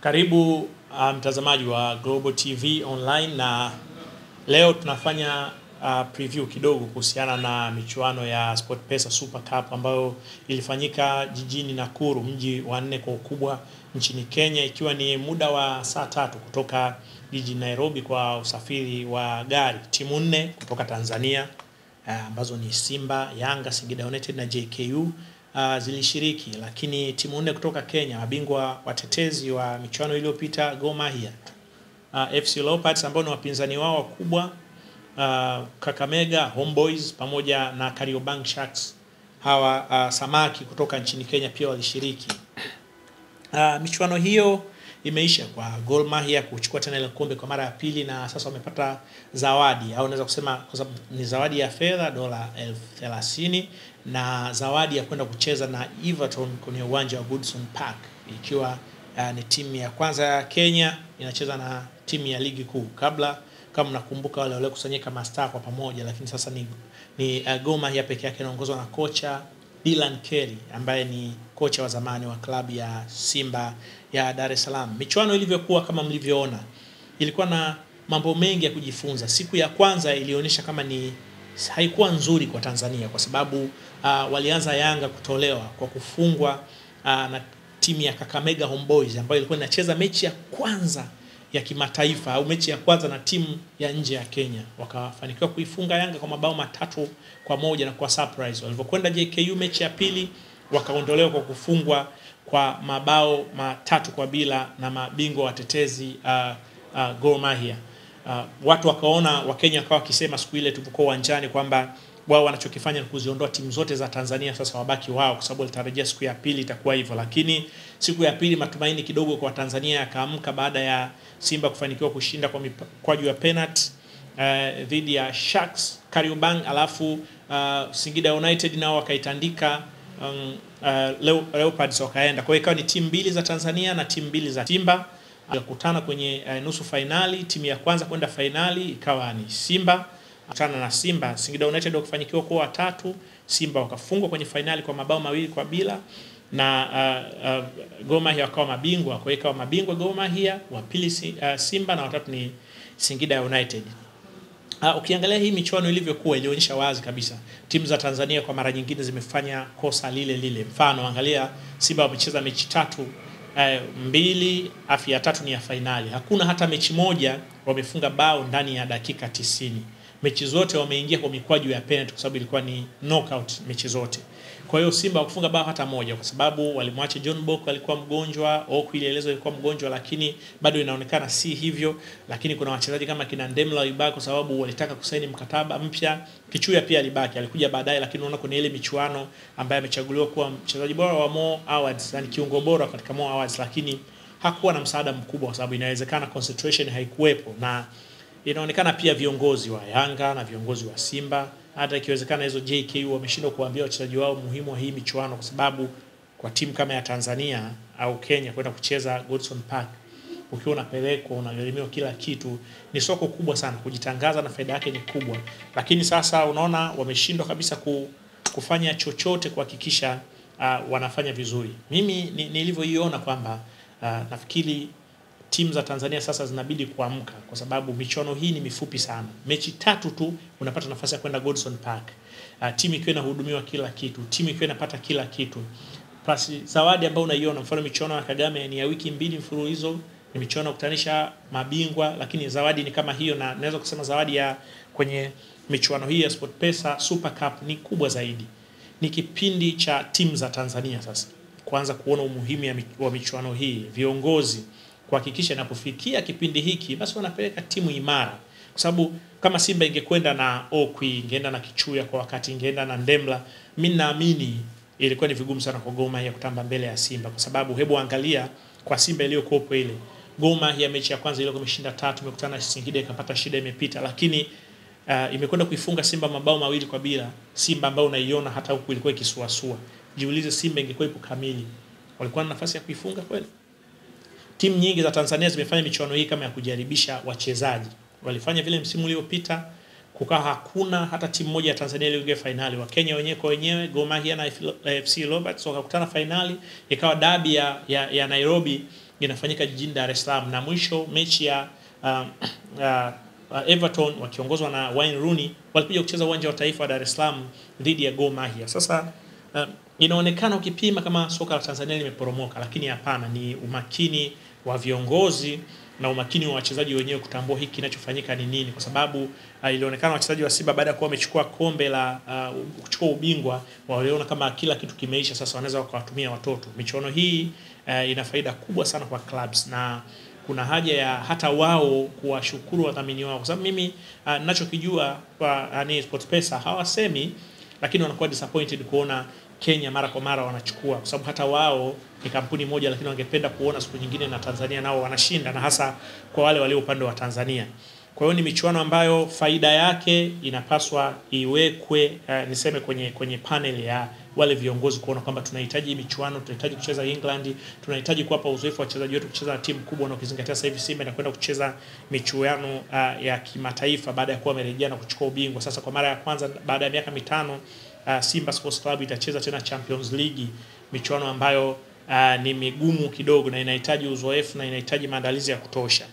Karibu uh, mtazamaji wa Global TV Online, na leo tunafanya uh, preview kidogo kuhusiana na michuano ya SportPesa Super Cup ambayo ilifanyika jijini Nakuru, mji wa nne kwa ukubwa nchini Kenya, ikiwa ni muda wa saa tatu kutoka jiji Nairobi kwa usafiri wa gari. Timu nne kutoka Tanzania uh, ambazo uh, ni Simba, Yanga, Singida United na JKU uh, zilishiriki, lakini timu nne kutoka Kenya, mabingwa watetezi wa michuano iliyopita, Gor Mahia, uh, ah, FC Leopards ambao ni wapinzani wao wakubwa, uh, Kakamega Homeboys pamoja na Kariobangi Sharks. Hawa uh, samaki kutoka nchini Kenya pia walishiriki uh, michuano hiyo imeisha kwa Gor Mahia kuchukua tena ile kombe kwa mara ya pili, na sasa wamepata zawadi au naweza kusema kwa sababu ni zawadi ya fedha dola elfu thelathini na zawadi ya kwenda kucheza na Everton kwenye uwanja wa Goodson Park ikiwa uh, ni timu ya kwanza ya Kenya inacheza na timu ya ligi kuu. Kabla kama mnakumbuka, wale waliokusanyika mastaa kwa pamoja, lakini sasa ni, ni uh, Gor Mahia peke yake inaongozwa na kocha Dylan Kelly ambaye ni kocha wa zamani wa klabu ya Simba ya Dar es Salaam. Michuano ilivyokuwa kama mlivyoona, ilikuwa na mambo mengi ya kujifunza. Siku ya kwanza ilionyesha kama ni haikuwa nzuri kwa Tanzania kwa sababu uh, walianza Yanga kutolewa kwa kufungwa uh, na timu ya Kakamega Homeboys ambayo ilikuwa inacheza mechi ya kwanza ya kimataifa au mechi ya kwanza na timu ya nje ya Kenya, wakafanikiwa kuifunga Yanga kwa mabao matatu kwa moja na kwa surprise. Walivyokwenda JKU mechi ya pili wakaondolewa kwa kufungwa kwa mabao matatu kwa bila na mabingwa watetezi uh, uh, Gor Mahia. Uh, watu wakaona Wakenya wakawa wakisema siku ile tulipokuwa uwanjani kwamba wao wanachokifanya ni kuziondoa timu zote za Tanzania sasa wabaki wao, kwa sababu alitarajia siku ya pili itakuwa hivyo, lakini siku ya pili matumaini kidogo kwa Tanzania yakaamka baada ya Simba kufanikiwa kushinda kwa mikwaju ya penalty uh, dhidi ya Sharks Kariobangi, alafu uh, Singida United nao wakaitandika um, uh, Leopards wakaenda. Kwa hiyo ikawa ni timu mbili za Tanzania na timu mbili za Simba kukutana kwenye uh, nusu fainali. Timu ya kwanza kwenda fainali ikawa ni Simba kutana na Simba. Singida United wakafanikiwa kuwa watatu, Simba wakafungwa kwenye fainali kwa mabao mawili kwa bila na uh, uh, Goma hiyo akawa mabingwa. Kwa hiyo mabingwa Goma hiyo wa pili si, uh, Simba na watatu ni Singida United. Uh, ukiangalia hii michuano ilivyokuwa ilionyesha wazi kabisa timu za Tanzania kwa mara nyingine zimefanya kosa lile lile. Mfano, angalia Simba wamecheza mechi tatu eh, mbili afu ya tatu ni ya fainali. Hakuna hata mechi moja wamefunga bao ndani ya dakika tisini mechi zote wameingia kwa mikwaju ya penalty, kwa sababu ilikuwa ni knockout mechi zote. Kwa hiyo Simba hakufunga bao hata moja, kwa sababu walimwacha John Bok alikuwa mgonjwa, Oku ilielezwa ilikuwa mgonjwa, lakini bado inaonekana si hivyo. Lakini kuna wachezaji kama kina Ndemla alibaki kwa sababu walitaka kusaini mkataba mpya. Kichuya pia alibaki, alikuja baadaye, lakini unaona kuna ile michuano ambaye amechaguliwa kuwa mchezaji bora wa Mo Awards, yani kiungo bora katika Mo Awards, lakini hakuwa na msaada mkubwa, kwa sababu inawezekana concentration haikuwepo na inaonekana pia viongozi wa Yanga na viongozi wa Simba, hata ikiwezekana hizo JK wameshindwa kuambia wachezaji wao muhimu wa hii michuano, kwa sababu kwa timu kama ya Tanzania au Kenya kwenda kucheza Godson Park ukiwa unapelekwa unagharimiwa kila kitu, ni soko kubwa sana kujitangaza, na faida yake ni kubwa. Lakini sasa unaona wameshindwa kabisa ku, kufanya chochote kuhakikisha uh, wanafanya vizuri. Mimi nilivyoiona ni kwamba uh, nafikiri timu za Tanzania sasa zinabidi kuamka kwa sababu michuano hii ni mifupi sana. Mechi tatu tu unapata nafasi ya kwenda Godson Park. Uh, timu ikiwa inahudumiwa kila kitu, timu ikiwa inapata kila kitu. Plus zawadi ambayo unaiona mfano michuano ya Kagame ni ya wiki mbili mfululizo ni michuano kutanisha mabingwa, lakini zawadi ni kama hiyo, na naweza kusema zawadi ya kwenye michuano hii ya Sport Pesa Super Cup ni kubwa zaidi. Ni kipindi cha timu za Tanzania sasa kuanza kuona umuhimu wa michuano hii, viongozi kuhakikisha inapofikia kipindi hiki basi wanapeleka timu imara, kwa sababu kama Simba ingekwenda na Okwi, ingeenda na Kichuya kwa wakati, ingeenda na Ndemla, mi naamini ilikuwa ni vigumu sana kwa Goma ya kutamba mbele ya Simba, kwa sababu hebu angalia kwa Simba iliyokuwepo ile Goma ya mechi ya kwanza ile imeshinda tatu, imekutana na Singida ikapata shida, imepita, lakini uh, imekwenda kuifunga Simba mabao mawili kwa bila. Simba ambayo unaiona hata huku ilikuwa ikisuasua. Jiulize, Simba ingekuwa ipo kamili, walikuwa na nafasi ya kuifunga kweli? timu nyingi za Tanzania zimefanya michuano hii kama ya kujaribisha wachezaji. Walifanya vile msimu uliopita, kukaa hakuna hata timu moja ya Tanzania iliyoingia fainali. Wakenya wenyewe kwa wenyewe, Gor Mahia na FC eh, Leopards wakakutana fainali, ikawa dabi ya, ya, ya Nairobi inafanyika jijini Dar es Salaam, na mwisho mechi ya um, uh, uh, Everton wakiongozwa na Wayne Rooney walikuja kucheza uwanja wa taifa wa Dar es Salaam dhidi ya Gor Mahia. Sasa uh, inaonekana ukipima kama soka la Tanzania limeporomoka, lakini hapana, ni umakini wa viongozi na umakini wa wachezaji wenyewe kutambua hiki kinachofanyika ni nini, kwa sababu uh, ilionekana wachezaji wa Simba baada ya kuwa wamechukua kombe la uh, kuchukua ubingwa waliona kama kila kitu kimeisha, sasa wanaweza wakawatumia watoto. Michuano hii uh, ina faida kubwa sana kwa clubs na kuna haja ya hata wao kuwashukuru wadhamini wao, kwa sababu mimi uh, ah, nachokijua kwa uh, ni SportPesa hawasemi, lakini wanakuwa disappointed kuona Kenya mara kwa mara wanachukua, kwa sababu hata wao ni kampuni moja, lakini wangependa kuona siku nyingine na Tanzania nao wanashinda, na hasa kwa wale walio upande wa Tanzania. Kwa hiyo ni michuano ambayo faida yake inapaswa iwekwe, uh, niseme kwenye kwenye panel ya wale viongozi kuona kwamba tunahitaji michuano, tunahitaji kucheza England, tunahitaji kuwapa uzoefu wa wachezaji wetu kucheza na timu kubwa, na ukizingatia sasa hivi Simba inakwenda kucheza michuano uh, ya kimataifa baada ya kuwa wamerejea na kuchukua ubingwa sasa kwa mara ya kwanza baada ya miaka mitano uh, Simba Sports Club itacheza tena Champions League, michuano ambayo uh, ni migumu kidogo na inahitaji uzoefu na inahitaji maandalizi ya kutosha.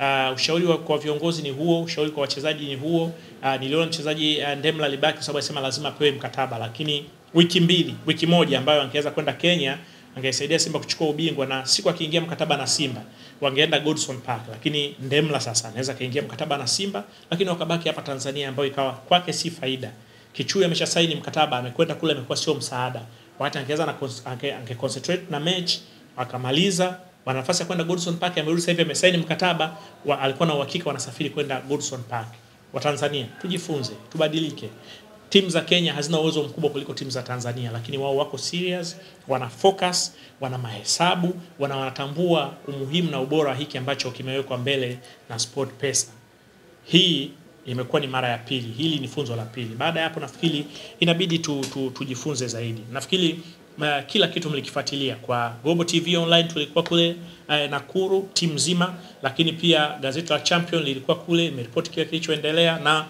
Uh, ushauri wa kwa viongozi ni huo, ushauri kwa wachezaji ni huo. Uh, niliona mchezaji uh, Ndemla alibaki kwa sababu alisema lazima apewe mkataba, lakini wiki mbili, wiki moja ambayo angeweza kwenda Kenya angesaidia Simba kuchukua ubingwa, na siku akiingia mkataba na Simba wangeenda Goodson Park, lakini Ndemla sasa anaweza kaingia mkataba na Simba, lakini wakabaki hapa Tanzania, ambayo ikawa kwake si faida. Kichui amesha saini mkataba, amekwenda kule, amekuwa sio msaada. Wakati angeweza na ange, concentrate na match akamaliza, wana nafasi ya kwenda Goodson Park, amerudi sasa hivi amesaini mkataba wa, alikuwa na uhakika wanasafiri kwenda Goodson Park. Watanzania tujifunze, tubadilike. Timu za Kenya hazina uwezo mkubwa kuliko timu za Tanzania, lakini wao wako serious, wana focus, wana mahesabu, wana wanatambua umuhimu na ubora hiki ambacho kimewekwa mbele na Sport Pesa. Hii imekuwa ni mara ya pili. Hili ni funzo la pili. Baada ya hapo, nafikiri inabidi tu, tu, tujifunze zaidi. Nafikiri uh, kila kitu mlikifuatilia kwa Global TV Online, tulikuwa kule uh, Nakuru timu nzima, lakini pia gazeti la Champion lilikuwa kule, imeripoti kile kilichoendelea na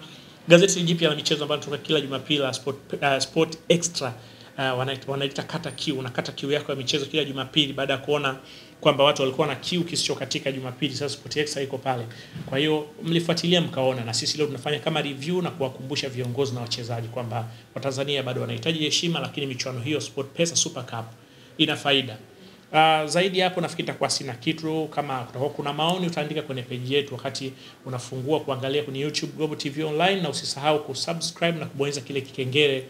gazeti jipya la michezo ambalo tunatoka kila Jumapili la Sport, uh, Sport Extra uh, wanaita, wanaita kata kiu, unakata kiu yako ya michezo kila Jumapili baada ya kuona kwamba watu walikuwa na kiu kisicho katika Jumapili. Sasa Sport X haiko pale, kwa hiyo mlifuatilia mkaona, na sisi leo tunafanya kama review na kuwakumbusha viongozi na wachezaji kwamba Watanzania bado wanahitaji heshima, lakini michuano hiyo Sport Pesa Super Cup ina faida. Uh, zaidi hapo nafikiri itakuwa sina kitu. Kama kutakuwa kuna maoni utaandika kwenye peji yetu wakati unafungua kuangalia kwenye YouTube Global TV Online, na usisahau kusubscribe na kubonyeza kile kikengele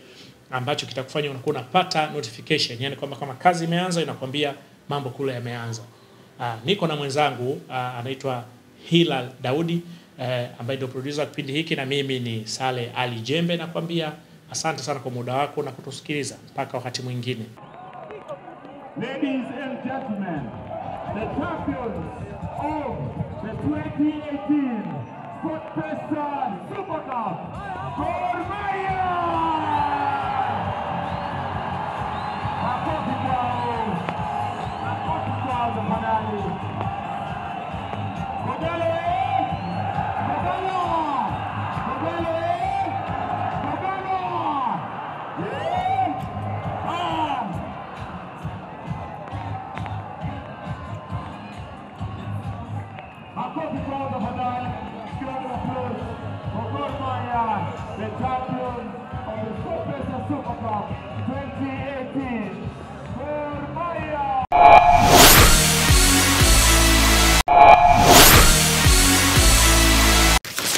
ambacho kitakufanya unakuwa unapata notification, yani kwamba kama kazi imeanza inakwambia mambo kule yameanza. Uh, niko na mwenzangu uh, anaitwa Hilal Daudi uh, ambaye ndio producer kipindi hiki na mimi ni Sale Ali Jembe nakwambia asante sana kwa muda wako na kutusikiliza mpaka wakati mwingine. Ladies and gentlemen, the champions of the 2018 Sport Super Cup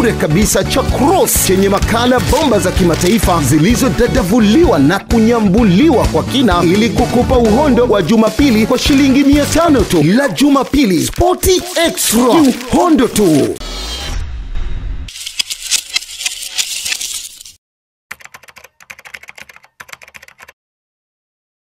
bure kabisa cha Cross chenye makala bomba za kimataifa zilizodadavuliwa na kunyambuliwa kwa kina ili kukupa uhondo wa Jumapili kwa shilingi mia tu. La Jumapili, Sporty extra, uhondo tu.